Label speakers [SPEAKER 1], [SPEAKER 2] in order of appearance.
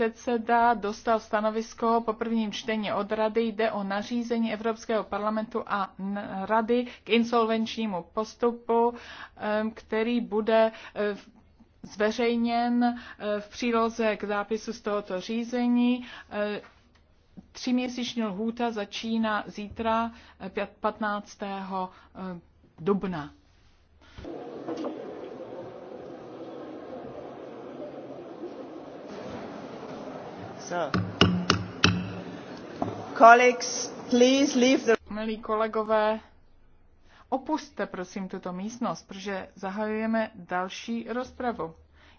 [SPEAKER 1] předseda dostal stanovisko po prvním čtení od Rady. Jde o nařízení Evropského parlamentu a Rady k insolvenčnímu postupu, který bude e, zveřejněn e, v příloze k zápisu z tohoto řízení. E, tříměsíční lhůta začíná zítra 15. dubna. Milí kolegové, opuste prosím tuto místnost, protože
[SPEAKER 2] zahajujeme další rozpravu.